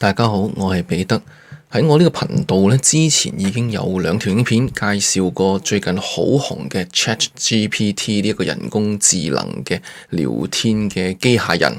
大家好，我係彼得。喺我呢個頻道咧，之前已經有兩條影片介紹過最近好紅嘅 ChatGPT 呢個人工智能嘅聊天嘅機械人。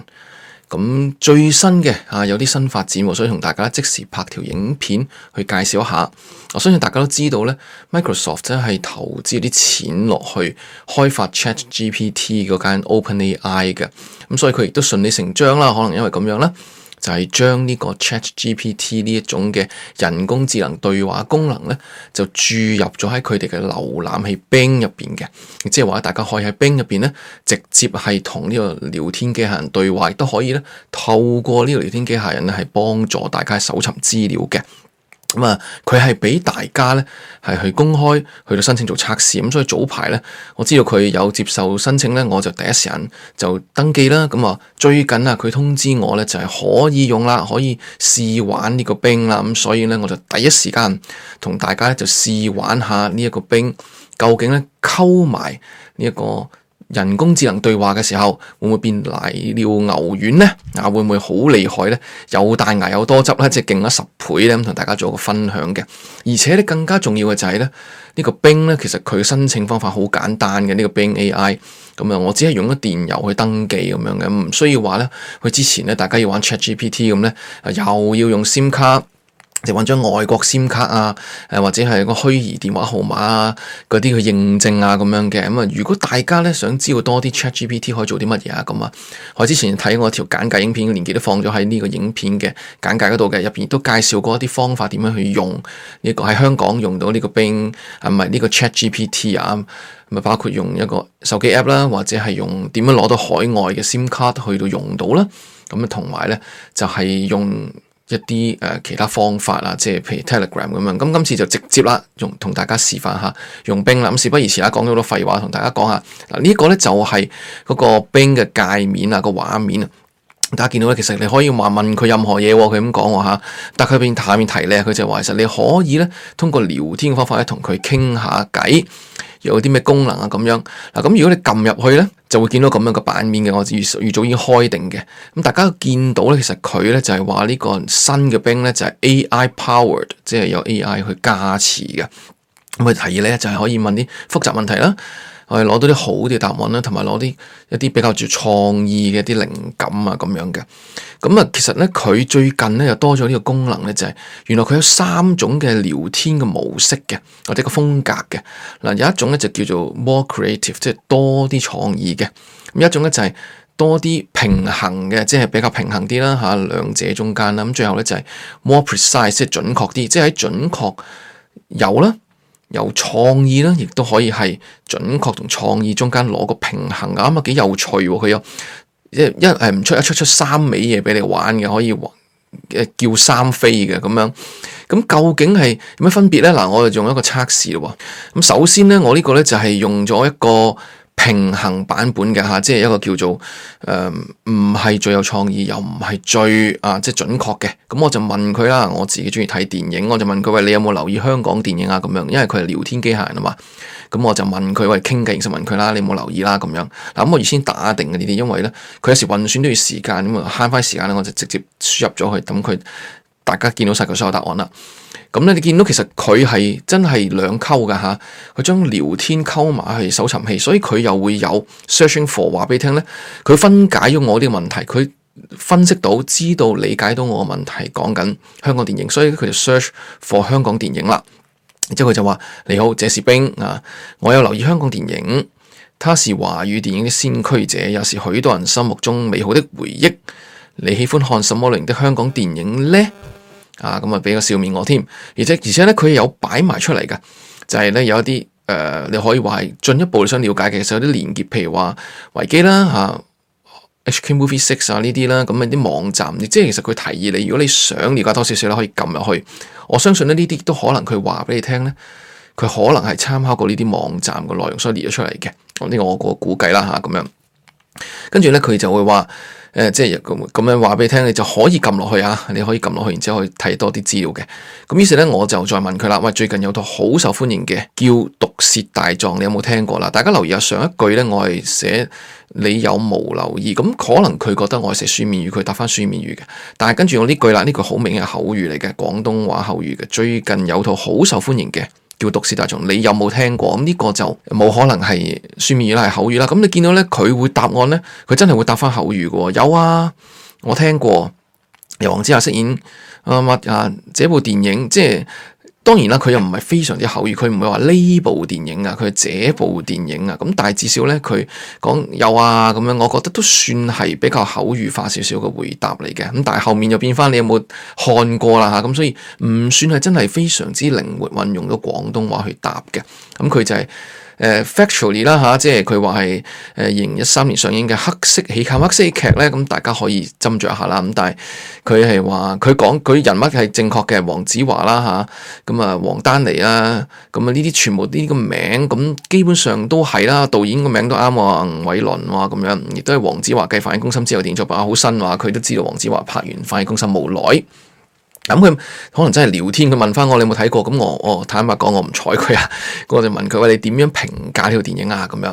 咁最新嘅啊，有啲新發展，所以同大家即時拍條影片去介紹一下。我相信大家都知道咧，Microsoft 真係投資啲錢落去開發 ChatGPT 嗰間 OpenAI 嘅。咁所以佢亦都順理成章啦，可能因為咁樣啦。就係將呢個 ChatGPT 呢一種嘅人工智能對話功能咧，就注入咗喺佢哋嘅瀏覽器 Bing 入邊嘅。即係話大家可以喺 Bing 入邊咧，直接係同呢個聊天機械人對話，亦都可以咧透過呢個聊天機械人咧係幫助大家搜尋資料嘅。咁啊，佢係俾大家咧，係去公開去到申請做測試，咁、嗯、所以早排咧，我知道佢有接受申請咧，我就第一時間就登記啦。咁、嗯、啊，最近啊，佢通知我咧就係、是、可以用啦，可以試玩呢個 Bing 啦。咁、嗯、所以咧，我就第一時間同大家咧就試玩下呢一個 Bing，究竟咧溝埋呢一個。人工智能對話嘅時候會唔會變瀨尿牛丸呢？啊，會唔會好厲害呢？又彈牙又多汁呢？即係勁咗十倍呢。咁同大家做個分享嘅。而且咧更加重要嘅就係咧，呢個 Bing 呢。其實佢申請方法好簡單嘅，呢個 Bing AI。咁啊，我只係用咗電郵去登記咁樣嘅，唔需要話呢，佢之前咧大家要玩 ChatGPT 咁呢，又要用 SIM 卡。就揾張外國 SIM 卡啊，誒或者係個虛擬電話號碼啊，嗰啲去認證啊咁樣嘅咁啊。如果大家咧想知道多啲 ChatGPT 可以做啲乜嘢啊咁啊，我之前睇過條簡介影片，連結都放咗喺呢個影片嘅簡介嗰度嘅，入邊都介紹過一啲方法點樣去用呢、這個喺香港用到呢個 Bing，唔係呢個 ChatGPT 啊，咪、啊、包括用一個手機 app 啦，或者係用點樣攞到海外嘅 SIM 卡去到用到啦。咁啊，同埋咧就係、是、用。一啲、呃、其他方法啊，即係譬如 Telegram 咁樣，咁今次就直接啦，用同大家示範下。用 Bing 啦，咁事不宜遲啦，講咗好多廢話，同大家講下嗱，啊這個、呢個咧就係、是、嗰個 Bing 嘅界面啊，個畫面啊。大家見到咧，其實你可以話問佢任何嘢喎，佢咁講喎嚇。但佢喺下面提咧，佢就話其實你可以咧，通過聊天嘅方法咧，同佢傾下偈，有啲咩功能啊咁樣。嗱、啊、咁如果你撳入去咧，就會見到咁樣嘅版面嘅，我預預早已經開定嘅。咁大家見到咧，其實佢咧就係話呢個新嘅兵咧就係 AI powered，即係有 AI 去加持嘅。咁佢提咧就係、是、可以問啲複雜問題啦。我哋攞到啲好啲嘅答案啦，同埋攞啲一啲比較住創意嘅一啲靈感啊咁樣嘅。咁啊，其實咧佢最近咧又多咗呢個功能咧，就係原來佢有三種嘅聊天嘅模式嘅，或者個風格嘅。嗱，有一種咧就叫做 more creative，即係多啲創意嘅。咁一種咧就係多啲平衡嘅，即係比較平衡啲啦嚇，兩者中間啦。咁最後咧就係 more precise，即係準確啲，即係喺準確有啦。有創意啦，亦都可以係準確同創意中間攞個平衡啊，咁啊幾有趣喎！佢有一一誒唔出一出出三美嘢俾你玩嘅，可以叫三飛嘅咁樣。咁究竟係有咩分別咧？嗱，我哋用一個測試喎。咁首先咧，我呢個咧就係用咗一個。平衡版本嘅吓，即係一個叫做誒，唔係最有創意，又唔係最啊，即係準確嘅。咁我就問佢啦，我自己中意睇電影，我就問佢喂，你有冇留意香港電影啊？咁樣，因為佢係聊天機械人啊嘛。咁我就問佢喂，傾偈先問佢啦，你有冇留意啦？咁樣嗱，咁我預先打定嘅呢啲，因為咧佢有時運算都要時間咁啊，慳翻時間咧，我就直接輸入咗去。咁佢大家見到晒佢所有答案啦。咁咧，你見到其實佢係真係兩溝嘅嚇，佢將聊天溝埋係搜尋器，所以佢又會有 searching for 話俾你聽咧。佢分解咗我呢個問題，佢分析到、知道、理解到我嘅問題講緊香港電影，所以佢就 search for 香港電影啦。然之後佢就話、是：你好，這是 Bing 啊，我有留意香港電影，他是華語電影的先驅者，也是許多人心目中美好的回憶。你喜歡看什麼類型的香港電影咧？啊，咁啊，畀個笑面我添，而且而且咧，佢有擺埋出嚟嘅，就係、是、咧有一啲誒、呃，你可以話係進一步想了解嘅其實有啲連結，譬如話維基啦、嚇、啊、HK Movie Six 啊呢啲啦，咁樣啲網站，即係其實佢提議你，如果你想了解多少少咧，可以撳入去。我相信咧呢啲都可能佢話俾你聽咧，佢可能係參考過呢啲網站嘅內容，所以列咗出嚟嘅。呢個我估計啦，吓，咁樣。跟住咧佢就會話。誒即係咁咁樣話俾你聽，你就可以撳落去啊！你可以撳落去，然之後可以睇多啲資料嘅。咁於是呢，我就再問佢啦。喂，最近有套好受歡迎嘅叫《毒舌大狀》，你有冇聽過啦？大家留意下。上一句呢，我係寫你有冇留意？咁可能佢覺得我係寫書面語，佢答翻書面語嘅。但係跟住我呢句啦，呢句好明顯係口語嚟嘅，廣東話口語嘅。最近有套好受歡迎嘅，叫毒舌大狀，你有冇聽過？咁呢個就冇可能係書面語啦，係口語啦。咁你見到咧，佢會答案咧，佢真係會答翻口語噶。有啊，我聽過。由黃子華飾演啊嘛、呃、啊，這部電影即係。當然啦，佢又唔係非常之口語，佢唔會話呢部電影啊，佢係這部電影啊，咁但係至少呢，佢講有啊咁樣，我覺得都算係比較口語化少少嘅回答嚟嘅。咁但係後面又變翻你有冇看過啦嚇，咁、啊、所以唔算係真係非常之靈活運用到廣東話去答嘅。咁、嗯、佢就係、是。誒 factually 啦嚇，ually, 即係佢話係二零一三年上映嘅黑色喜劇，黑色喜劇咧，咁大家可以斟酌下啦。咁但係佢係話，佢講佢人物係正確嘅，黃子華啦吓，咁啊黃丹妮啦，咁啊呢啲全部呢、這個名，咁基本上都係啦。導演個名都啱喎，吳偉倫話咁樣，亦都係黃子華繼《飯戲攻心》之後連作，品好新話佢都知道黃子華拍完《飯戲攻心》冇耐。咁佢、嗯、可能真係聊天，佢問翻我你有冇睇過？咁我我、哦、坦白講，我唔睬佢啊。咁 我就問佢：喂，你點樣評價呢套電影啊？咁樣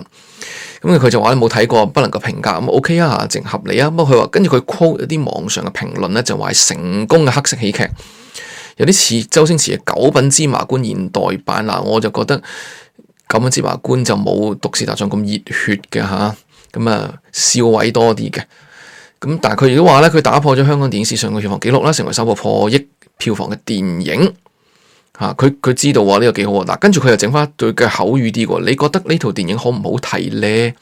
咁佢、嗯、就話咧冇睇過，不能夠評價。咁、嗯、OK 啊，正合理啊。不過佢話跟住佢 quote 一啲網上嘅評論咧，就話係成功嘅黑色喜劇，有啲似周星馳嘅《九品芝麻官》現代版嗱。我就覺得《九品芝麻官》就冇《毒舌大狀》咁熱血嘅嚇，咁啊、嗯、笑位多啲嘅。咁但係佢亦都話咧，佢打破咗香港電影史上嘅票房記錄啦，成為首部破億票房嘅電影。吓、啊，佢佢知道話呢個幾好喎，但係跟住佢又整翻對嘅口語啲嘅，你覺得呢套電影好唔好睇咧？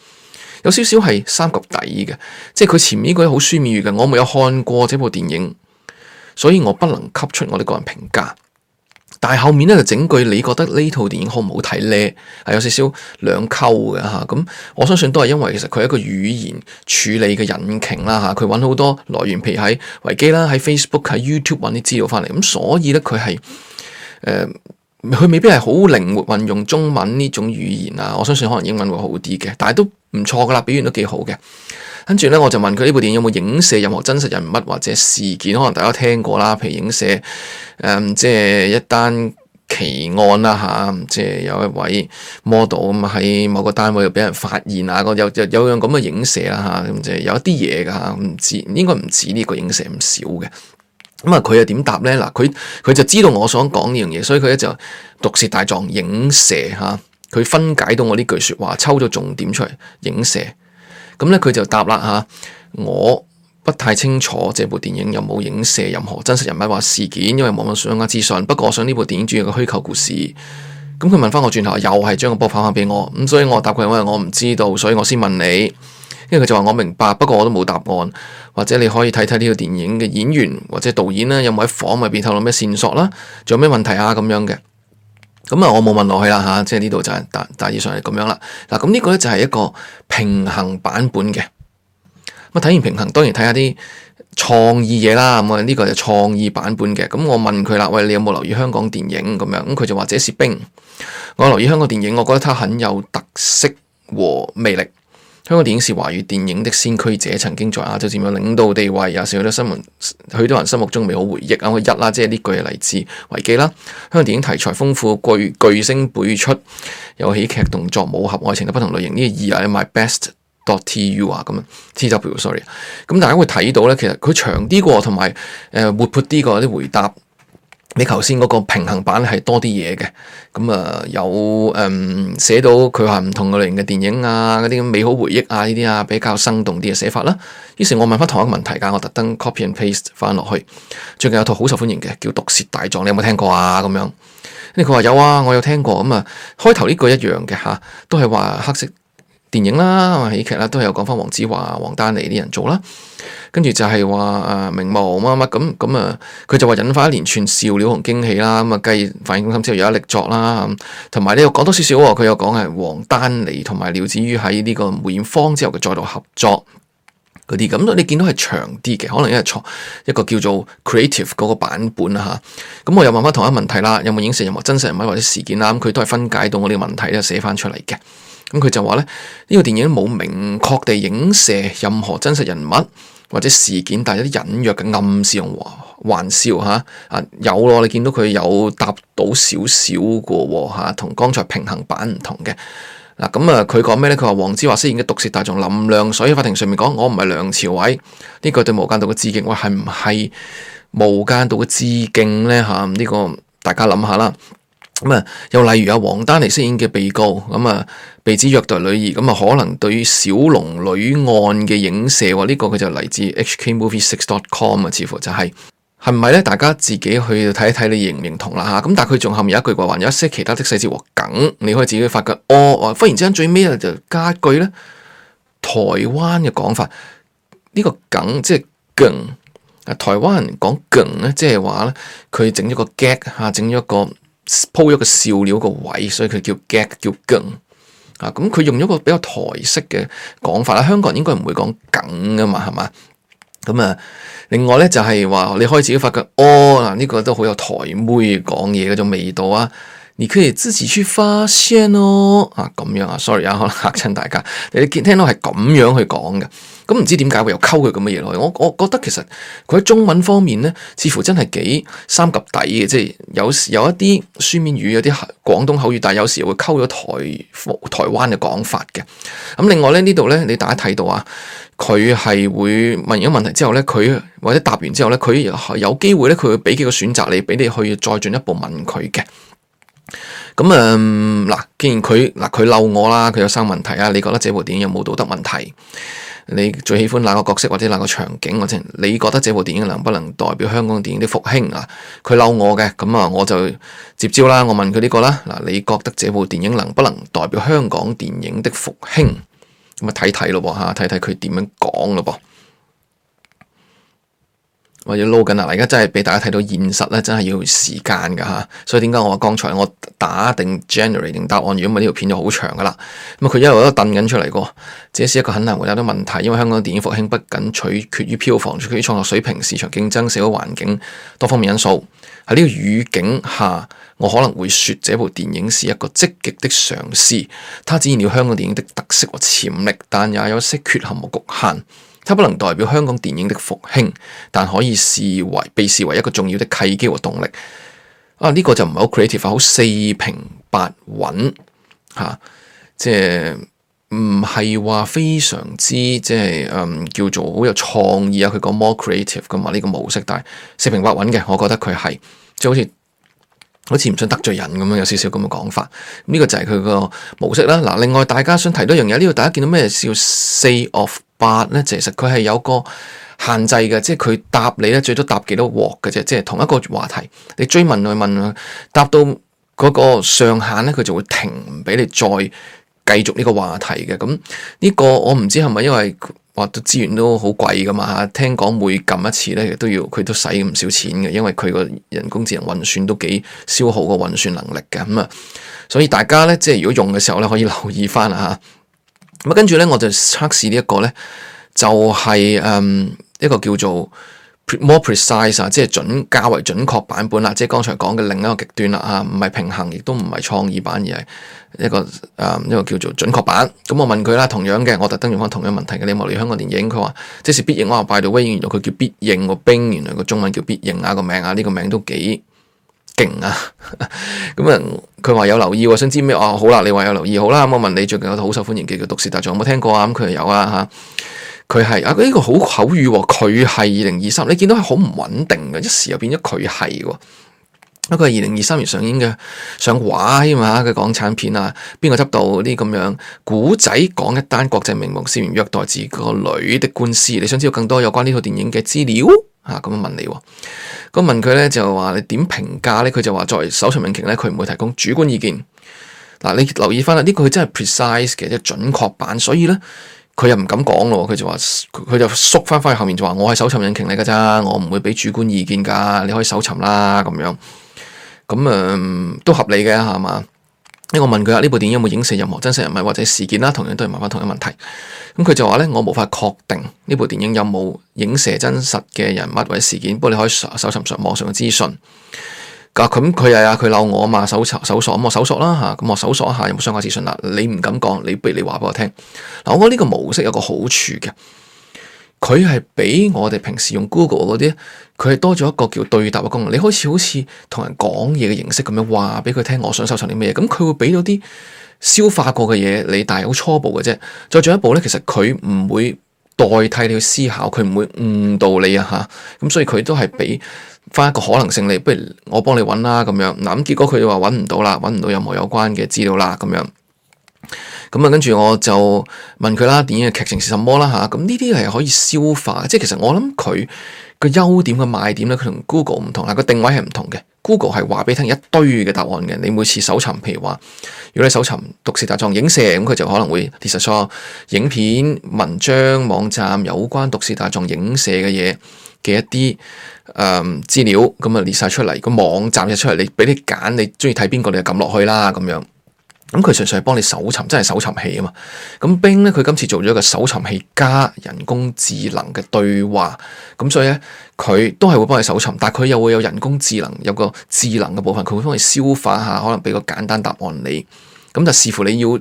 有少少係三及第嘅，即係佢前面嗰啲好書面語嘅，我冇有看過這部電影，所以我不能給出我的個人評價。但係後面咧就整句，你覺得呢套電影好唔好睇咧？係有少少兩溝嘅嚇，咁、啊、我相信都係因為其實佢係一個語言處理嘅引擎啦嚇，佢揾好多來源，譬如喺維基啦、喺 Facebook、喺 YouTube 揾啲資料翻嚟，咁所以咧佢係誒。佢未必係好靈活運用中文呢種語言啊，我相信可能英文會好啲嘅，但係都唔錯噶啦，表現都幾好嘅。跟住咧，我就問佢呢部電影有冇影射任何真實人物或者事件，可能大家聽過啦，譬如影射誒、嗯，即係一單奇案啦吓、啊，即係有一位 model 咁喺某個單位又俾人發現啊，有有有樣咁嘅影射啦吓，咁就有一啲嘢噶吓，唔知應該唔止呢個影射，唔少嘅。咁啊，佢又點答呢？嗱，佢佢就知道我想講呢樣嘢，所以佢咧就毒舌大狀影射嚇，佢、啊、分解到我呢句説話，抽咗重點出嚟影射。咁咧，佢就答啦嚇，我不太清楚這部電影有冇影射任何真實人物或事件，因為冇乜相關資訊。不過，我想呢部電影主要嘅虛構故事。咁佢問翻我轉頭，又係將個波返翻俾我。咁、嗯、所以我答佢，因為我唔知道，所以我先問你。因為佢就話我明白，不過我都冇答案，或者你可以睇睇呢個電影嘅演員或者導演啦，有冇喺房入邊透露咩線索啦？仲有咩問題啊？咁樣嘅，咁啊我冇問落去啦吓，即係呢度就係大大致上係咁樣啦。嗱，咁呢個咧就係一個平衡版本嘅。咁睇完平衡，當然睇下啲創意嘢啦。咁啊呢個就創意版本嘅。咁我問佢啦，喂，你有冇留意香港電影咁樣？咁佢就話這是冰。我留意香港電影，我覺得它很有特色和魅力。香港電影是華語電影的先驅者，曾經在亞洲佔有領導地位。也是好多新聞、許多人心目中美好回憶啊，一啦，即係呢句係嚟自維基啦。香港電影題材豐富，巨巨星輩出，有喜劇、動作、武俠、愛情等不同類型。呢、這、二、個、係 mybest.dot.tw 啊，咁啊 tw，sorry。咁大家會睇到呢，其實佢長啲過，同埋誒活潑啲個啲回答你頭先嗰個平衡版係多啲嘢嘅，咁、嗯、啊有誒、嗯、寫到佢話唔同嘅類型嘅電影啊，嗰啲美好回憶啊呢啲啊比較生動啲嘅寫法啦、啊。於是，我問翻同一個問題㗎，我特登 copy and paste 翻落去。最近有套好受歡迎嘅叫《毒舌大狀》，你有冇聽過啊？咁樣，跟住佢話有啊，我有聽過。咁啊，開頭呢句一樣嘅吓，都係話黑色電影啦，喜劇啦，都係有講翻黃子華、黃丹妮啲人做啦。跟住就係話啊，名模乜乜咁咁啊，佢就話引發一連串笑料同驚喜啦。咁啊，繼飯戲攻心之後有一力作啦，同埋你又講多少少，啊，佢又講係黃丹妮同埋廖子瑜喺呢個梅艷芳之後嘅再度合作嗰啲。咁你見到係長啲嘅，可能因為錯一個叫做 Creative 嗰個版本啊。吓，咁我又問翻同一問題啦，有冇影成任何真實人物或者事件啦？咁佢都係分解到我呢個問題咧，寫翻出嚟嘅。咁佢就話咧，呢、這個電影冇明確地影射任何真實人物或者事件，但一隱、啊、有啲隱約嘅暗示同玩笑嚇，啊有咯，你見到佢有答到少少嘅喎嚇，同、啊、剛才平衡版唔同嘅嗱。咁啊，佢講咩咧？佢話黃子華飾演嘅毒舌大眾林涼，所以法庭上面講我唔係梁朝偉呢、這個對無間道嘅致敬，喂係唔係無間道嘅致敬咧嚇？呢、啊這個大家諗下啦。咁啊、嗯，又例如阿王丹妮飾演嘅被告，咁、嗯、啊，被指虐待女兒，咁、嗯、啊，可能對於小龍女案嘅影射，呢、這個佢就嚟自 HKMovie6.com 啊，似乎就係係唔係咧？大家自己去睇一睇，你認唔認同啦吓？咁、啊、但係佢仲後面有一句話，還有一些其他的細節和梗，你可以自己去發覺哦、啊。忽然之間最尾就加一句咧，台灣嘅講法，呢、這個梗即係勁啊！台灣人講勁咧，即係話咧，佢整咗個 gag 吓，整咗個。鋪咗個笑料個位，所以佢叫 gag，叫梗啊！咁佢用咗個比較台式嘅講法啦，香港人應該唔會講梗噶嘛，係嘛？咁、嗯、啊，另外咧就係、是、話你開始都發覺，哦嗱，呢個都好有台妹講嘢嗰種味道啊！你可以自己去發現咯、哦，啊咁樣啊，sorry 啊，可能嚇親大家。你見聽到係咁樣去講嘅，咁、嗯、唔知點解會又溝佢咁嘅嘢落去？我我覺得其實佢喺中文方面呢，似乎真係幾三及第嘅，即係有時有一啲書面語，有啲廣東口語，但係有時又會溝咗台台灣嘅講法嘅。咁、嗯、另外咧，呢度呢，你大家睇到啊，佢係會問完個問題之後呢，佢或者答完之後呢，佢有，有機會呢，佢會俾幾個選擇你，俾你去再進一步問佢嘅。咁啊，嗱、嗯，既然佢嗱佢嬲我啦，佢有三個問題啊，你覺得這部電影有冇道德問題？你最喜歡哪個角色或者哪個場景或者？你覺得這部電影能不能代表香港電影的復興啊？佢嬲我嘅，咁啊我就接招啦，我問佢呢、這個啦。嗱，你覺得這部電影能不能代表香港電影的復興？咁啊睇睇咯噃，嚇睇睇佢點樣講咯噃。或者撈緊啦！而家真係俾大家睇到現實咧，真係要時間噶嚇。所以點解我話剛才我打定 generate 定答案？如果唔係呢條片就好長噶啦。咁佢一路都掟緊出嚟個。這是一個很難回答的問題，因為香港電影復興不僅取決於票房、取決於創作水平、市場競爭、社會環境多方面因素。喺呢個語境下，我可能會說這部電影是一個積極的嘗試。它展現了香港電影的特色和潛力，但也有些缺陷和局限。他不能代表香港電影的復興，但可以視為被視為一個重要的契機和動力。啊，呢、這個就唔係好 creative，好、啊、四平八穩吓、啊，即係唔係話非常之即係嗯叫做好有創意啊。佢講 more creative 噶嘛，呢、這個模式，但係四平八穩嘅，我覺得佢係即係好似好似唔想得罪人咁樣，有少少咁嘅講法。呢、嗯這個就係佢個模式啦。嗱，另外大家想提多一樣嘢，呢度大家見到咩叫 say off？八咧，其實佢係有個限制嘅，即係佢答你咧最多答幾多鑊嘅啫。即係同一個話題，你追問佢問，答到嗰個上限咧，佢就會停，唔俾你再繼續呢個話題嘅。咁呢個我唔知係咪因為話資源都好貴噶嘛？嚇，聽講每撳一次咧都要佢都使唔少錢嘅，因為佢個人工智能運算都幾消耗個運算能力嘅。咁啊，所以大家咧即係如果用嘅時候咧，可以留意翻啊嚇。咁跟住咧，我就測試呢一個咧，就係、是、誒、嗯、一個叫做 More Precise 即係準較為準確版本啦。即係剛才講嘅另一個極端啦，嚇，唔係平衡，亦都唔係創意版，而係一個誒、嗯、一個叫做準確版。咁、嗯、我問佢啦，同樣嘅我特登用翻同樣問題嘅咧，你有冇留意香港電影？佢話即是必應、啊，我話拜到威，原來佢叫必應個兵，原來個中文叫必應啊，名、這個名啊，呢個名都幾。勁啊！咁啊，佢話有留意，想知咩？哦、啊，好啦，你話有留意，好啦。嗯、我問你最近有套好受歡迎嘅叫《毒舌大狀》，有冇聽過啊？咁佢係有啊，吓佢係啊，呢、這個好口語。佢係二零二三，你見到係好唔穩定嘅，一時又變咗佢係。一個二零二三年上映嘅上畫㗎嘛？佢港產片啊，邊個執到啲咁樣古仔講一單國際名模涉嫌虐待自個女的官司，你想知道更多有關呢套電影嘅資料？啊，咁樣問你，咁問佢咧就話你點評價咧？佢就話作為搜尋引擎咧，佢唔會提供主觀意見。嗱，你留意翻啦，呢個佢真係 precise 嘅，即係準確版。所以咧，佢又唔敢講咯。佢就話，佢就縮翻翻去後面，就話我係搜尋引擎嚟噶咋，我唔會俾主觀意見噶，你可以搜尋啦，咁樣咁啊、嗯，都合理嘅係嘛。呢我問佢啊，呢部電影有冇影射任何真實人物或者事件啦？同樣都係問翻同一個問題。咁佢就話呢：「我無法確定呢部電影有冇影射真實嘅人物或者事件。不過你可以搜尋上網上嘅資訊。」咁佢又阿佢鬧我啊嘛？搜索、搜索咁我搜索啦嚇，咁我搜索一下有冇相關資訊啦。你唔敢講，你不如你話俾我聽。嗱，我覺得呢個模式有個好處嘅。佢係比我哋平時用 Google 嗰啲，佢係多咗一個叫對答嘅功能。你開始好似同人講嘢嘅形式咁樣話俾佢聽，我想收藏啲咩？咁佢會畀到啲消化過嘅嘢，你但係好初步嘅啫。再進一步咧，其實佢唔會代替你去思考，佢唔會誤導你啊嚇。咁所以佢都係畀翻一個可能性，你不如我幫你揾啦咁樣。嗱、啊、咁結果佢話揾唔到啦，揾唔到任何有關嘅資料啦咁樣。咁啊，跟住我就問佢啦，電影嘅劇情是什麼啦嚇？咁呢啲係可以消化，即係其實我諗佢個優點嘅賣點咧，佢同 Google 唔同啊，個定位係唔同嘅。Google 係話俾你聽一堆嘅答案嘅，你每次搜尋，譬如話如果你搜尋《毒舌大狀影射》，咁佢就可能會列出所有影片、文章、網站有關《毒舌大狀影射》嘅嘢嘅一啲誒資料，咁啊列晒出嚟。個網站就出嚟，你俾你揀，你中意睇邊個你就撳落去啦，咁樣。咁佢純粹係幫你搜尋，真係搜尋器啊嘛。咁 Bing 咧，佢今次做咗個搜尋器加人工智能嘅對話，咁所以咧，佢都係會幫你搜尋，但係佢又會有人工智能有個智能嘅部分，佢會幫你消化下，可能俾個簡單答案你。咁就視乎你要，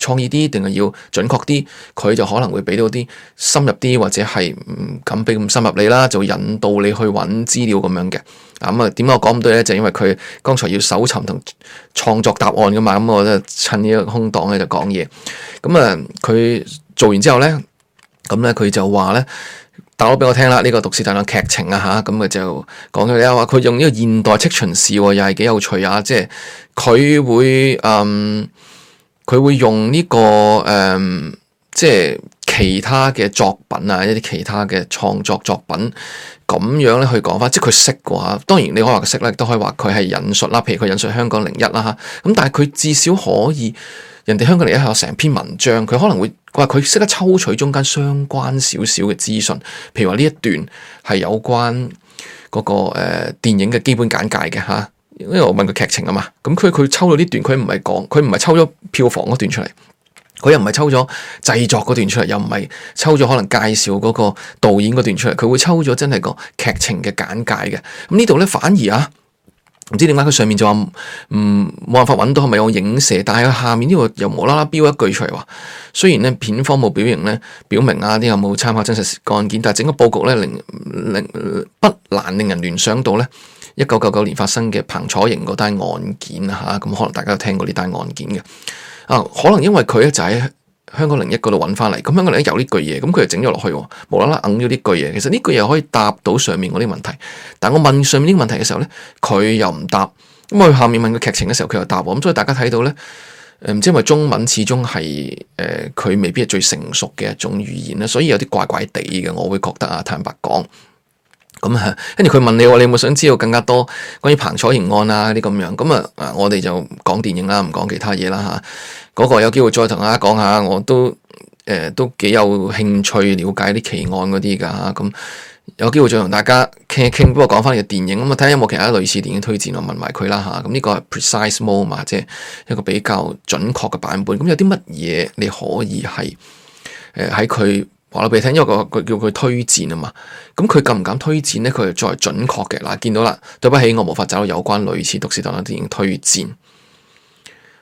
創意啲定係要準確啲，佢就可能會俾到啲深入啲，或者係唔敢俾咁深入你啦，就引導你去揾資料咁樣嘅。嗱咁啊，點解我講咁多咧？就係、因為佢剛才要搜尋同創作答案噶嘛。咁、嗯、我咧趁呢個空檔咧就講嘢。咁、嗯、啊，佢做完之後咧，咁咧佢就話咧，大佬俾我聽啦。呢、呢個《毒舌大狀劇情啊嚇，咁、嗯、啊就講佢咧話佢用呢個現代戚秦氏又係幾有趣啊！即係佢會嗯。佢會用呢個誒，即係其他嘅作品啊，一啲其他嘅創作作品咁樣咧去講翻，即係佢識嘅話，當然你可以話佢識咧，都可以話佢係引述啦。譬如佢引述香港零一啦，嚇咁，但係佢至少可以，人哋香港零一係有成篇文章，佢可能會話佢識得抽取中間相關少少嘅資訊，譬如話呢一段係有關嗰個誒電影嘅基本簡介嘅嚇。因為我問佢劇情啊嘛，咁佢佢抽到呢段，佢唔係講，佢唔係抽咗票房嗰段出嚟，佢又唔係抽咗製作嗰段出嚟，又唔係抽咗可能介紹嗰個導演嗰段出嚟，佢會抽咗真係個劇情嘅簡介嘅。咁呢度咧反而啊，唔知點解佢上面就話唔冇辦法揾到係咪有影射，但係佢下面呢個又無啦啦標一句出嚟話，雖然咧片方冇表現咧表明啊啲有冇參考真實個案件，但係整個佈局咧令令，令不難令人聯想到咧。一九九九年發生嘅彭楚營嗰單案件啊，咁可能大家都聽過呢單案件嘅啊，可能因為佢咧就喺、是、香港01嗰度揾翻嚟，咁香港01有呢句嘢、nah 哦，咁佢就整咗落去，無啦啦揞咗呢句嘢。其實呢句嘢可以答到上面嗰啲問題，但我問上面呢啲問題嘅時候呢，佢又唔答。咁我下面問佢劇情嘅時候，佢又答我。咁所以大家睇到呢，唔知因為中文始終係佢未必係最成熟嘅一種語言啦，所以有啲怪怪地嘅，我會覺得啊，坦白講。咁啊，跟住佢問你我，你有冇想知道更加多關於彭楚賢案啊啲咁樣？咁啊，我哋就講電影啦，唔講其他嘢啦吓。嗰、那個有機會再同大家講下，我都誒、呃、都幾有興趣了解啲奇案嗰啲噶吓。咁有機會再同大家傾一傾，不過講翻嚟嘅電影咁啊，睇下有冇其他類似電影推薦我問埋佢啦吓。咁呢個係 Precise Mode 嘛，即係一個比較準確嘅版本。咁有啲乜嘢你可以係誒喺佢？呃話我俾你聽，因為佢叫佢推薦啊嘛，咁佢敢唔敢推薦呢？佢係作為準確嘅，嗱，見到啦，對不起，我無法找到有關類似《毒舌大狀》嘅電影推薦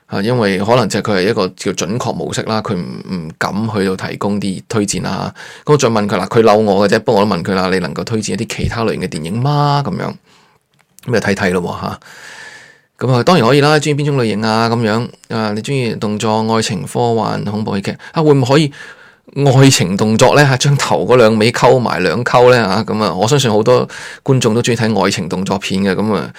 啊，因為可能就係佢係一個叫準確模式啦，佢唔唔敢去到提供啲推薦啦吓。咁我再問佢啦，佢嬲我嘅啫，不過我都問佢啦，你能夠推薦一啲其他類型嘅電影嗎？咁樣咁又睇睇咯吓，咁啊，當然可以啦，中意邊種類型啊？咁樣啊？你中意動作、愛情科、科幻、恐怖喜劇啊？會唔可以？愛情動作咧，吓，將頭嗰兩尾溝埋兩溝咧，吓咁啊！我相信好多觀眾都中意睇愛情動作片嘅，咁啊，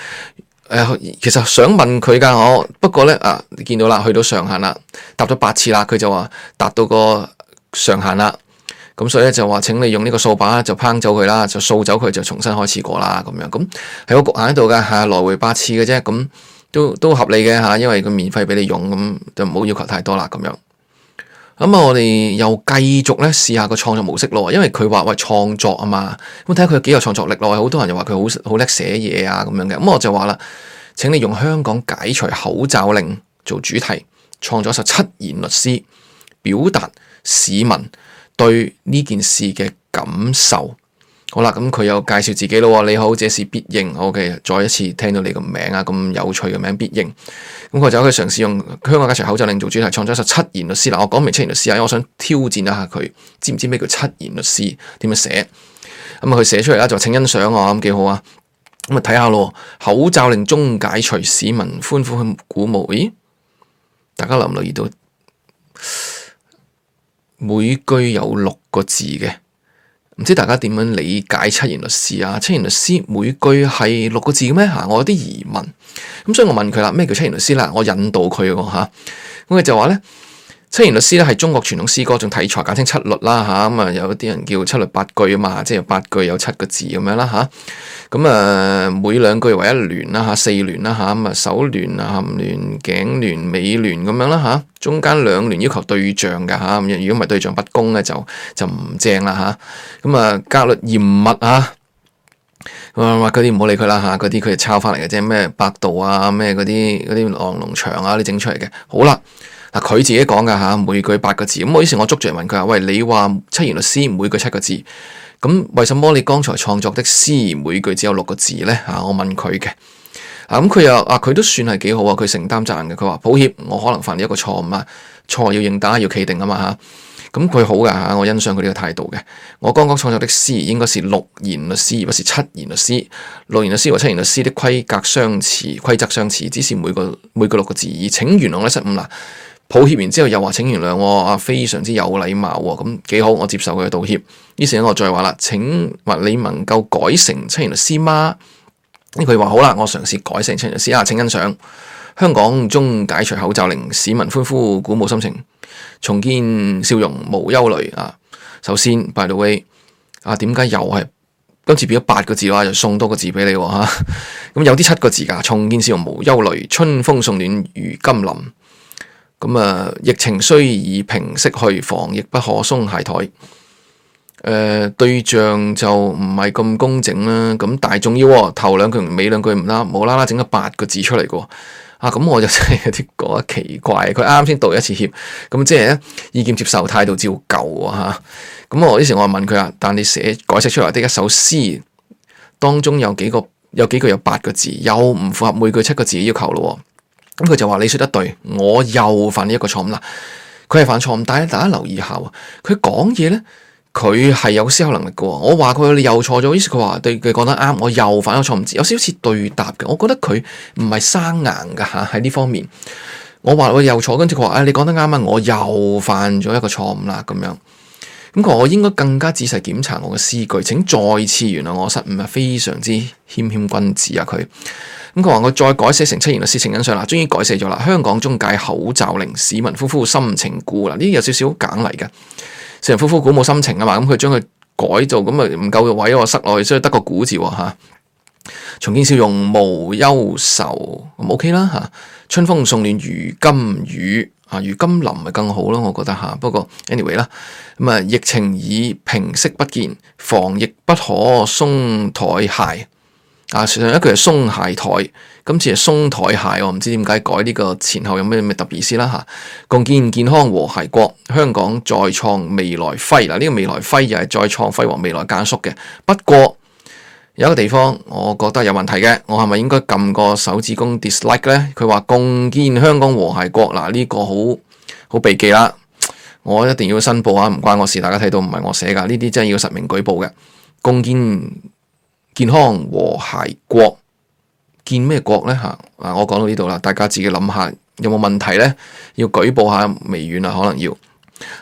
誒，其實想問佢噶我，不過咧啊，見到啦，去到上限啦，搭咗八次啦，佢就話達到個上限啦，咁所以咧就話請你用呢個掃把就抨走佢啦，就掃走佢就重新開始過啦，咁樣咁喺個局限度噶吓，來回八次嘅啫，咁都都合理嘅吓、啊，因為佢免費俾你用，咁就唔好要，要求太多啦，咁樣。咁、嗯、我哋又繼續咧試下個創作模式咯，因為佢話喂，創作啊嘛，咁睇下佢有幾有創作力咯。好多人又話佢好好叻寫嘢啊咁樣嘅。咁、嗯、我就話啦，請你用香港解除口罩令做主題，創作一首七言律詩，表達市民對呢件事嘅感受。好啦，咁佢又介紹自己咯，你好，這是必應。OK，再一次聽到你個名啊，咁有趣嘅名必應。咁佢就去嘗試用香港解除口罩令做主題，創作一首七言律詩。嗱，我講明七言律詩啊，因為我想挑戰一下佢，知唔知咩叫七言律詩？點樣寫？咁啊，佢寫出嚟啦，就請欣賞我、啊。咁幾好啊。咁啊，睇下咯，口罩令中解除，市民歡呼鼓，鼓舞。咦，大家留唔留意到？每句有六個字嘅。唔知大家點樣理解七言律詩啊？七言律詩每句係六個字嘅咩嚇？我有啲疑問，咁、嗯、所以我問佢啦：咩叫七言律詩啦？我引導佢喎，咁佢就話咧。七言律詩咧係中國傳統詩歌種題材，簡稱七律啦吓，咁啊有啲人叫七律八句啊嘛，即係八句有七個字咁樣啦吓，咁啊，啊每兩句為一聯啦吓，四聯啦吓，咁啊首聯啊頷聯頸聯尾聯咁樣啦吓，啊，中間兩聯要求對仗嘅吓，咁如果唔係對仗不工嘅就就唔正啦吓，咁啊格律嚴密啊，咁啊嗰啲唔好理佢啦吓，嗰啲佢係抄翻嚟嘅，即係咩百度啊咩嗰啲嗰啲昂龍翔啊啲整出嚟嘅，好啦。嗱，佢自己講噶嚇，每句八個字。咁我於是，我捉住嚟問佢啊，喂，你話七言律詩每句七個字，咁為什麼你剛才創作的詩每句只有六個字呢？啊，我問佢嘅。咁佢又啊，佢都算係幾好啊，佢承擔責任嘅。佢話抱歉，我可能犯咗一個錯誤啊，錯要認打，打要企定啊嘛嚇。咁佢好噶嚇，我欣賞佢呢個態度嘅。我剛剛創作的詩應該是六言律詩，而不是七言律詩。六言律詩和七言律詩的規格相似，規則相似，只是每個每句六個字。而請原諒我嘅失誤嗱。抱歉完之後又話請原諒喎，啊非常之有禮貌喎，咁、啊、幾好，我接受佢嘅道歉。於是我再話啦，請話、啊、你能夠改成七言律詩嗎？佢話，好啦，我嘗試改成出律師七言律詩啊，請欣賞。香港終解除口罩令，市民歡呼鼓舞心情，重建笑容無憂慮啊！首先，by the way，啊點解又係今次變咗八個字啊，又送多個字俾你嚇？咁、啊、 有啲七個字噶，重建笑容無憂慮，春風送暖如甘霖。咁啊，疫情雖已平息去，去防疫不可鬆懈怠誒，對仗就唔係咁工整啦。咁但係重要，哦，頭兩句同尾兩句唔啦，冇啦啦整咗八個字出嚟嘅。啊，咁、嗯、我就真係有啲覺得奇怪。佢啱啱先道一次歉，咁、嗯、即係咧意見接受態度照舊吓、啊。咁我啲時我問佢啊，但你寫改寫出嚟的一首詩當中有幾個有幾句有八個字，又唔符合每句七個字嘅要求咯、哦。咁佢就話你說得對，我又犯呢一個錯誤啦。佢係犯錯誤，但係大家留意下，佢講嘢呢，佢係有思考能力噶。我話佢你又錯咗，於是佢話對，佢講得啱，我又犯咗錯誤，有少少似對答嘅。我覺得佢唔係生硬噶吓，喺，啊，呢方面，我話我又錯，跟住佢話你講得啱啊，我又犯咗一個錯誤啦，咁樣。咁佢話我應該更加仔細檢查我嘅詩句，請再次原諒我失誤啊！非常之謙謙君子啊，佢咁佢話我再改寫成七言律詩情欣賞啦，終於改寫咗啦。香港中介口罩令，市民夫婦心情古啦，呢啲有少少硬嚟嘅。市民夫婦估冇心情啊嘛，咁佢將佢改做咁啊唔夠嘅位喎，我塞落去所以得個古字吓。重見笑容無憂愁，咁、嗯、OK 啦吓。春風送暖如金雨。啊，如今林咪更好咯，我覺得嚇、啊。不過 anyway 啦、啊，咁啊疫情已平息不見，防疫不可鬆怠懈。啊，事實上，上一句係鬆懈怠，今次係鬆怠懈，我唔知點解改呢個前後有咩特別意思啦嚇、啊。共建健康和諧國，香港再創未來輝。嗱、啊，呢、呢個未來輝又係再創輝煌未來加速嘅。不過有一個地方，我覺得有問題嘅，我係咪應該撳個手指公 dislike 呢？佢話共建香港和諧國，嗱、這、呢個好好避忌啦。我一定要申報下，唔關我事，大家睇到唔係我寫噶，呢啲真係要實名舉報嘅。共建健康和諧國，建咩國呢？嚇我講到呢度啦，大家自己諗下有冇問題呢？要舉報下，微軟啦，可能要。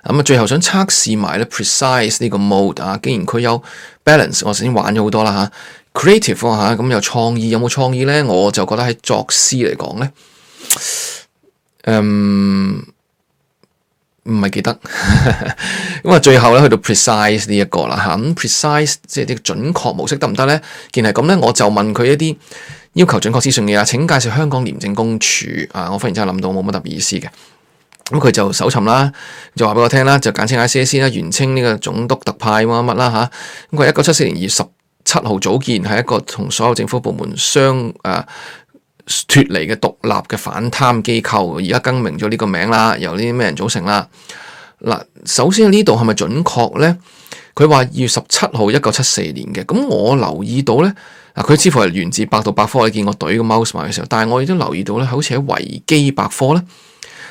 咁啊，最後想測試埋咧 precise 呢個 mode 啊，既然佢有 balance，我先玩咗好多啦吓，creative 吓咁有創意，有冇創意咧？我就覺得喺作詩嚟講咧，嗯，唔係記得。咁啊，最後咧去到 precise 呢一個啦吓，咁 precise 即係啲準確模式得唔得咧？既然係咁咧，我就問佢一啲要求準確資訊嘅嘢，請介紹香港廉政公署啊！我忽然之間諗到冇乜特別意思嘅。咁佢就搜尋啦，就話俾我聽啦，就簡稱 ICAC 啦，原稱呢個總督特派乜乜啦吓，咁佢係一九七四年二月十七號組建，係一個同所有政府部門相誒脱、啊、離嘅獨立嘅反貪機構。而家更名咗呢個名啦，由呢啲咩人組成啦？嗱，首先呢度係咪準確咧？佢話二月十七號一九七四年嘅。咁我留意到咧，嗱，佢似乎係源自百度百科，你見過我懟個 mouse mark 嘅時候，但係我亦都留意到咧，好似喺維基百科咧。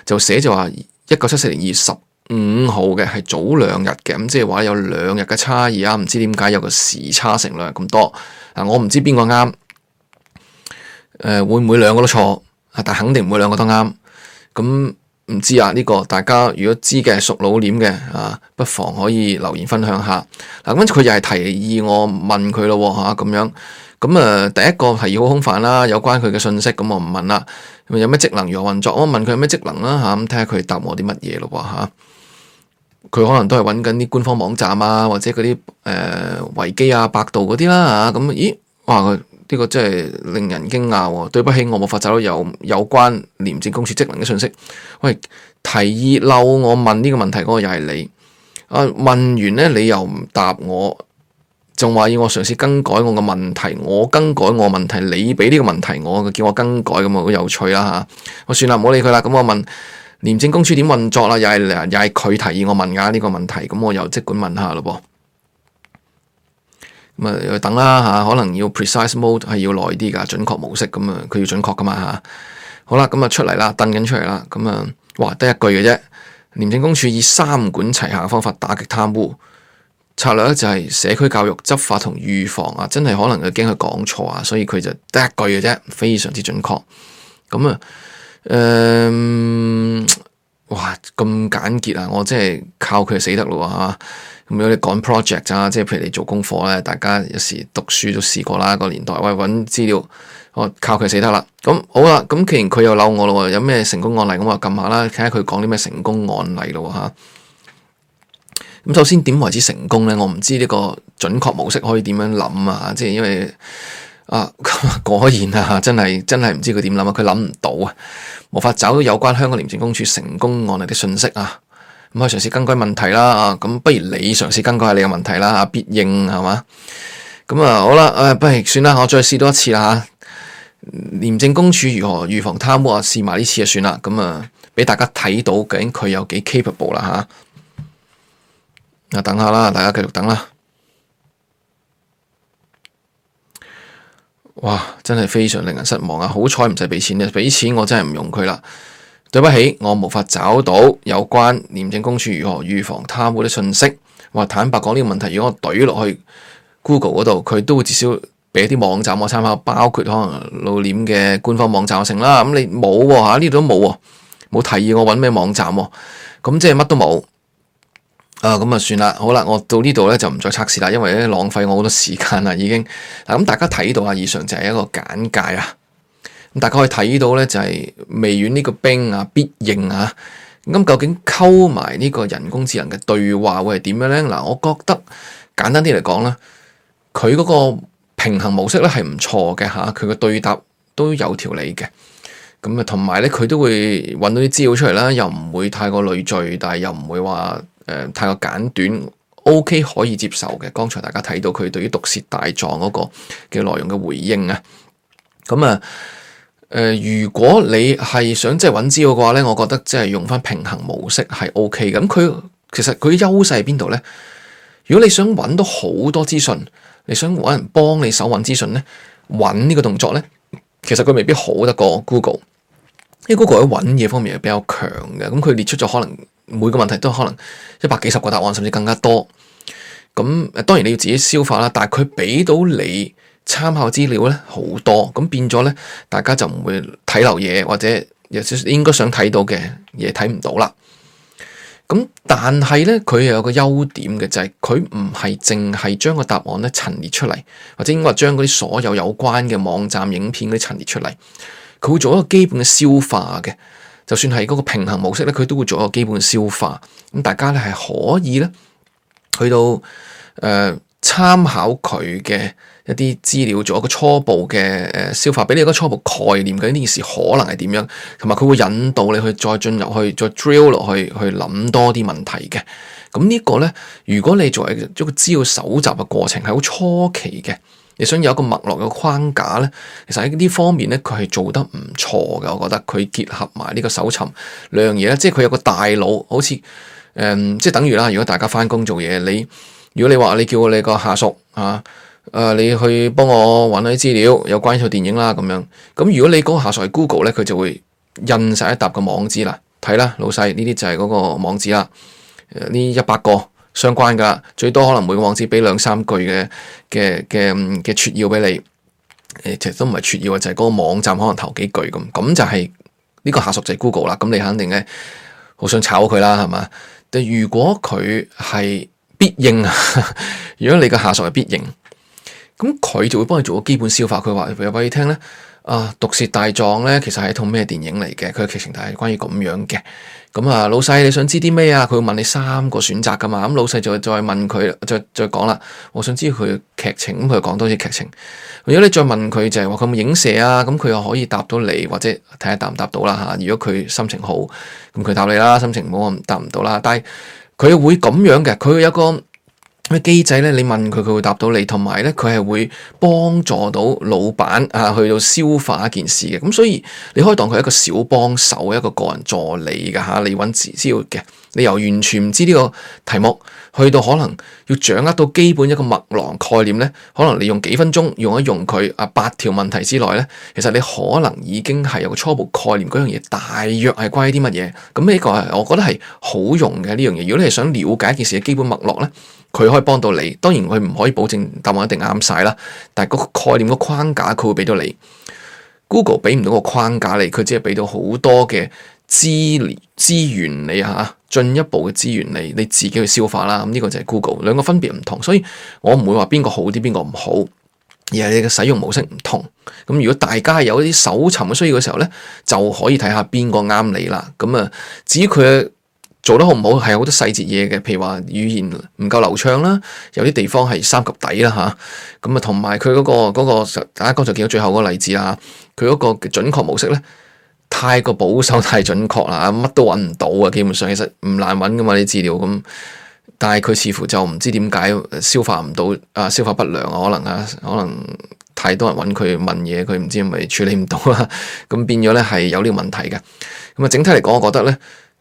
就寫就話一九七四年二月十五號嘅係早兩日嘅，咁即係話有兩日嘅差異啊！唔知點解有個時差成兩日咁多啊？我唔知邊個啱，誒、呃、會唔會兩個都錯啊？但肯定唔會兩個都啱。咁、嗯、唔知啊？呢、這個大家如果知嘅係熟老臉嘅啊，不妨可以留言分享下。嗱、啊，跟住佢又係提議我問佢咯嚇咁樣。咁啊，第一個提議好空泛啦，有關佢嘅信息。咁我唔問啦。咁有咩職能如何運作？我問佢有咩職能啦，吓，咁睇下佢答我啲乜嘢咯，吓、啊。佢可能都係揾緊啲官方網站啊，或者嗰啲誒維基啊、百度嗰啲啦，吓、啊、咁。咦，哇！呢、這個真係令人驚訝。對不起我集，我冇法找到有有關廉政公署職能嘅信息。喂，提議嬲我問呢個問題嗰、那個又係你啊？問完咧，你又唔答我。仲話要我嘗試更改我個問題，我更改我問題，你俾呢個問題我，叫我更改。咁啊，好有趣啦嚇！我算啦，唔好理佢啦。咁我問廉政公署點運作啦、啊，又係又係佢提議我問噶、啊、呢、呢個問題，咁我又即管問下咯噃。咁啊，等啦嚇，可能要 precise mode 係要耐啲噶，準確模式咁啊，佢要準確噶嘛嚇。好啦，咁啊出嚟啦，登緊出嚟啦，咁啊，話得一句嘅啫。廉政公署以三管齊下嘅方法打擊貪污。策略咧就係社區教育、執法同預防啊！真係可能佢驚佢講錯啊，所以佢就得一句嘅啫，非常之準確。咁啊，嗯，哇，咁簡潔啊！我真係靠佢死得咯，嚇！咁我哋講 project 啊，即係譬如你做功課咧，大家有時讀書都試過啦，個年代喂揾資料，我靠佢死得啦。咁好啦，咁既然佢又嬲我咯，有咩成功案例咁我撳下啦，睇下佢講啲咩成功案例咯，嚇！咁首先點為之成功呢？我唔知呢個準確模式可以點樣諗啊！即係因為啊，果然啊，真係真係唔知佢點諗啊！佢諗唔到啊，無法找到有關香港廉政公署成功案例的信息啊！咁可以嘗試更改問題啦，咁不如你嘗試更改下你嘅問題啦，必應係嘛？咁啊好啦，誒、啊，不如算啦，我再試多一次啦、啊、廉政公署如何預防貪污？啊？試埋呢次就算啦！咁啊，俾大家睇到究竟佢有幾 capable 啦吓。嗱，等下啦，大家繼續等啦。哇，真係非常令人失望啊！好彩唔使畀錢啊，畀錢我真係唔用佢啦。對不起，我無法找到有關廉政公署如何預防貪污的訊息。話坦白講呢、呢個問題，如果我懟落去 Google 嗰度，佢都會至少畀一啲網站我參考，包括可能露臉嘅官方網站性啦。咁、啊嗯、你冇吓呢度都冇，冇、啊啊、提議我揾咩網站、啊。咁、嗯、即係乜都冇。啊，咁啊算啦，好啦，我到呢度咧就唔再測試啦，因為咧浪費我好多時間啦，已經。嗱、啊，咁大家睇到啊，以上就係一個簡介啊。咁大家可以睇到咧，就係、是、微軟呢個兵啊必應啊。咁、啊、究竟溝埋呢個人工智能嘅對話會係點樣咧？嗱、啊，我覺得簡單啲嚟講咧，佢嗰個平衡模式咧係唔錯嘅吓，佢、啊、嘅對答都有條理嘅。咁啊，同埋咧，佢都會揾到啲資料出嚟啦，又唔會太過累贅，但係又唔會話。誒、呃、太過簡短，OK 可以接受嘅。剛才大家睇到佢對於毒舌大狀嗰、那個嘅內容嘅回應啊，咁啊誒，如果你係想即係揾資料嘅話咧，我覺得即係用翻平衡模式係 OK。咁、嗯、佢其實佢優勢喺邊度咧？如果你想揾到好多資訊，你想揾人幫你手揾資訊咧，揾呢個動作咧，其實佢未必好得過 Google。因為 Google 喺揾嘢方面係比較強嘅，咁、嗯、佢列出咗可能。每個問題都可能一百幾十個答案，甚至更加多。咁當然你要自己消化啦。但係佢俾到你參考資料咧好多，咁變咗咧，大家就唔會睇漏嘢，或者有少少應該想睇到嘅嘢睇唔到啦。咁但係咧，佢又有個優點嘅就係佢唔係淨係將個答案咧陳列出嚟，或者應該話將嗰啲所有有關嘅網站影片都陳列出嚟，佢會做一個基本嘅消化嘅。就算係嗰個平衡模式咧，佢都會做一個基本消化。咁大家咧係可以咧去到誒參考佢嘅一啲資料，做一個初步嘅誒消化，俾你一個初步概念，究竟呢件事可能係點樣，同埋佢會引導你去再進入去，再 drill 落去，去諗多啲問題嘅。咁呢個咧，如果你作為一個資料搜集嘅過程，係好初期嘅。你想有一個脈絡嘅框架咧，其實喺呢方面咧，佢係做得唔錯嘅。我覺得佢結合埋呢個搜尋兩樣嘢咧，即係佢有個大腦，好似誒、嗯，即係等於啦。如果大家翻工做嘢，你如果你話你叫你個下屬啊，誒，你去幫我揾下啲資料，有關呢套電影啦咁樣。咁如果你個下屬係 Google 咧，佢就會印晒一沓嘅網址啦，睇啦，老細呢啲就係嗰個網址啦，呢一百個。相關噶，最多可能每個網址俾兩三句嘅嘅嘅嘅撮要俾你，誒、呃，其實都唔係撮要啊，就係、是、嗰個網站可能頭幾句咁，咁就係、是、呢、這個下屬就係 Google 啦，咁你肯定咧，好想炒佢啦，係嘛？但如果佢係必應， 如果你個下屬係必應，咁佢就會幫你做個基本消化，佢話俾你聽咧。啊！毒舌大狀呢，其實係一套咩電影嚟嘅？佢嘅劇情係關於咁樣嘅。咁、嗯、啊，老細你想知啲咩啊？佢會問你三個選擇噶嘛？咁、嗯、老細就再問佢，再再講啦。我想知佢嘅劇情，咁佢講多啲劇情。如果你再問佢就係話佢冇影射啊？咁佢又可以答到你，或者睇下答唔答到啦吓、啊。如果佢心情好，咁佢答你啦；心情唔好，我答唔到啦。但係佢會咁樣嘅，佢有一個。咩機制咧？你問佢，佢會答到你，同埋咧佢係會幫助到老闆啊去到消化一件事嘅。咁所以你可以當佢係一個小幫手，一個個人助理嘅嚇。你揾自己需要嘅，你又完全唔知呢個題目。去到可能要掌握到基本一個脈絡概念呢，可能你用幾分鐘用一用佢啊，八條問題之內呢，其實你可能已經係有個初步概念嗰樣嘢，大約係關於啲乜嘢。咁呢個係我覺得係好用嘅呢樣嘢。如果你係想了解一件事嘅基本脈絡呢，佢可以幫到你。當然佢唔可以保證答案一定啱晒啦，但係個概念個框架佢會俾到你。Google 俾唔到個框架你，佢只係俾到好多嘅。資源資源，你嚇，進一步嘅資源你你自己去消化啦。咁呢個就係 Google 兩個分別唔同，所以我唔會話邊個好啲，邊個唔好，而係你嘅使用模式唔同。咁如果大家有一啲搜尋嘅需要嘅時候呢，就可以睇下邊個啱你啦。咁啊，至於佢做得好唔好，係好多細節嘢嘅，譬如話語言唔夠流暢啦，有啲地方係三級底啦吓，咁啊、嗰個，同埋佢嗰個大家剛才見到最後嗰個例子啦，佢嗰個準確模式呢。太過保守太準確啦，乜都揾唔到啊！基本上其實唔難揾噶嘛，啲資料咁，但係佢似乎就唔知點解消化唔到啊，消化不良啊。可能啊，可能太多人揾佢問嘢，佢唔知係咪處理唔到啊，咁變咗呢係有呢個問題嘅。咁啊，整體嚟講，我覺得呢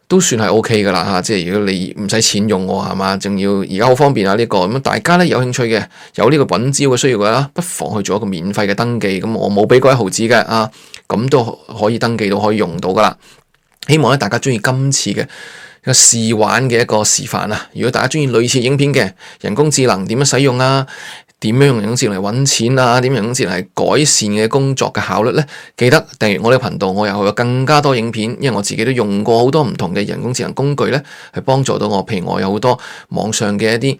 都算係 OK 噶啦嚇，即係如果你唔使錢用喎係嘛，仲要而家好方便啊呢、呢個咁、啊、大家呢有興趣嘅有呢個揾招嘅需要嘅啦，不妨去做一個免費嘅登記咁、啊，我冇俾過一毫子嘅啊。咁都可以登記到可以用到噶啦，希望咧大家中意今次嘅一個試玩嘅一個示範啊！如果大家中意類似影片嘅人工智能點樣使用啊，點樣用人工智能嚟揾錢啊，點樣用人工智能嚟改善嘅工作嘅效率呢？記得訂閱我呢個頻道，我又有更加多影片，因為我自己都用過好多唔同嘅人工智能工具呢，係幫助到我，譬如我有好多網上嘅一啲。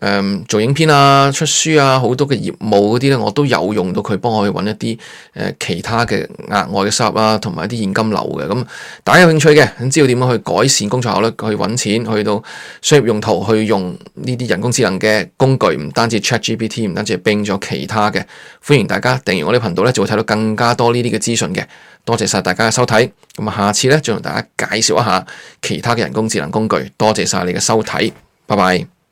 嗯、做影片啊、出書啊，好多嘅業務嗰啲呢，我都有用到佢幫我去揾一啲、呃、其他嘅額外嘅收入啊，同埋一啲現金流嘅。咁、嗯、大家有興趣嘅，想知道點樣去改善工作效率，去揾錢，去到商業用途去用呢啲人工智能嘅工具，唔單止 ChatGPT，唔單止 Bing 咗其他嘅。歡迎大家訂閱我哋頻道呢，就會睇到更加多呢啲嘅資訊嘅。多謝晒大家嘅收睇。咁啊，下次呢，再同大家介紹一下其他嘅人工智能工具。多謝晒你嘅收睇。拜拜。